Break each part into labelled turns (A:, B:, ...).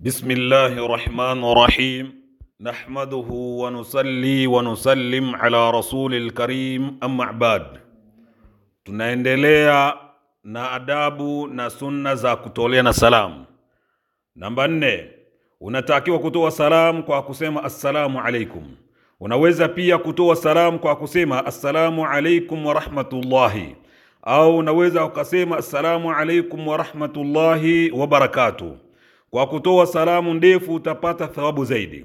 A: بسم rahmani rahim الرحيم نحمده ونصلي ونسلم ala رسول الكريم أما بعد tunaendelea na adabu na sunna za kutolea na salamu namba nne unatakiwa kutoa salamu kwa kusema assalamu alaikum unaweza pia kutoa salamu kwa kusema assalamu alaikum warahmatullahi au unaweza ukasema assalamu alaikum warahmatullahi wabarakatuh kwa kutoa salamu ndefu utapata thawabu zaidi.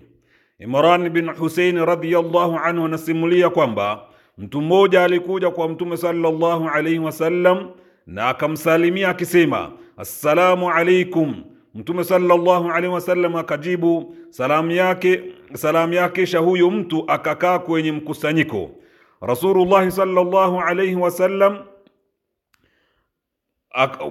A: Imran bin Husein radhiyallahu anhu anasimulia kwamba mtu mmoja alikuja kwa Mtume sallallahu alaihi wasallam na akamsalimia akisema assalamu alaikum. Mtume sallallahu alaihi wasallam akajibu salamu yake, salamu yake, kisha huyu mtu akakaa kwenye mkusanyiko. Rasulullahi sallallahu alaihi wasallam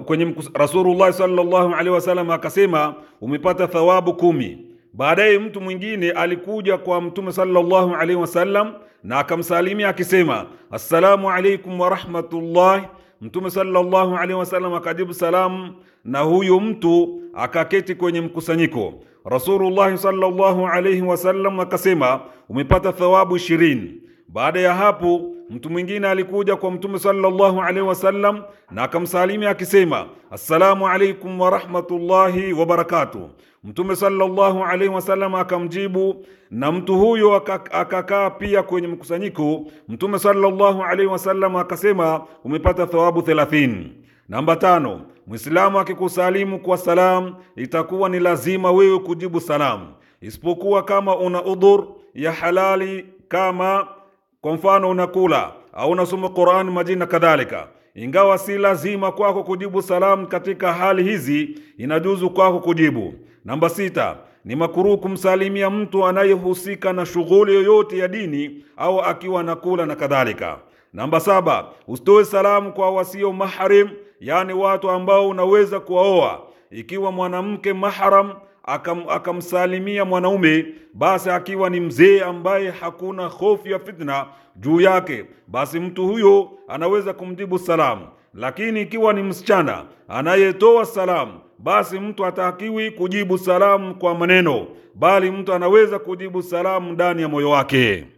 A: kwenye Rasulullah sallallahu alaihi wasallam akasema umepata thawabu kumi. Baadaye mtu mwingine alikuja kwa Mtume sallallahu alaihi wasallam na akamsalimia akisema assalamu alaikum warahmatullahi Mtume sallallahu alaihi wasallam akajibu salamu, na huyu mtu akaketi kwenye mkusanyiko. Rasulullah sallallahu alaihi wasallam akasema umepata thawabu ishirini. Baada ya hapo Mtu mwingine alikuja kwa Mtume sallallahu alaihi wasallam na akamsalimia akisema, assalamu alaikum warahmatullahi wabarakatuh. Mtume sallallahu alaihi wasallam akamjibu, na mtu huyo akakaa pia kwenye mkusanyiko. Mtume sallallahu alaihi wasallam akasema, umepata thawabu 30. Namba tano, Mwislamu akikusalimu kwa salam, itakuwa ni lazima wewe kujibu salamu, isipokuwa kama una udhur ya halali kama kwa mfano, unakula au unasoma Qur'an, majini na kadhalika. Ingawa si lazima kwako kujibu salamu katika hali hizi, inajuzu kwako kujibu. Namba sita ni makuruhu kumsalimia mtu anayehusika na shughuli yoyote ya dini au akiwa nakula na kadhalika. Namba saba usitoe salamu kwa wasio mahrim, yaani watu ambao unaweza kuwaoa. Ikiwa mwanamke mahram akam, akamsalimia mwanaume basi akiwa ni mzee ambaye hakuna hofu ya fitna juu yake, basi mtu huyo anaweza kumjibu salamu. Lakini ikiwa ni msichana anayetoa salamu, basi mtu hatakiwi kujibu salamu kwa maneno, bali mtu anaweza kujibu salamu ndani ya moyo wake.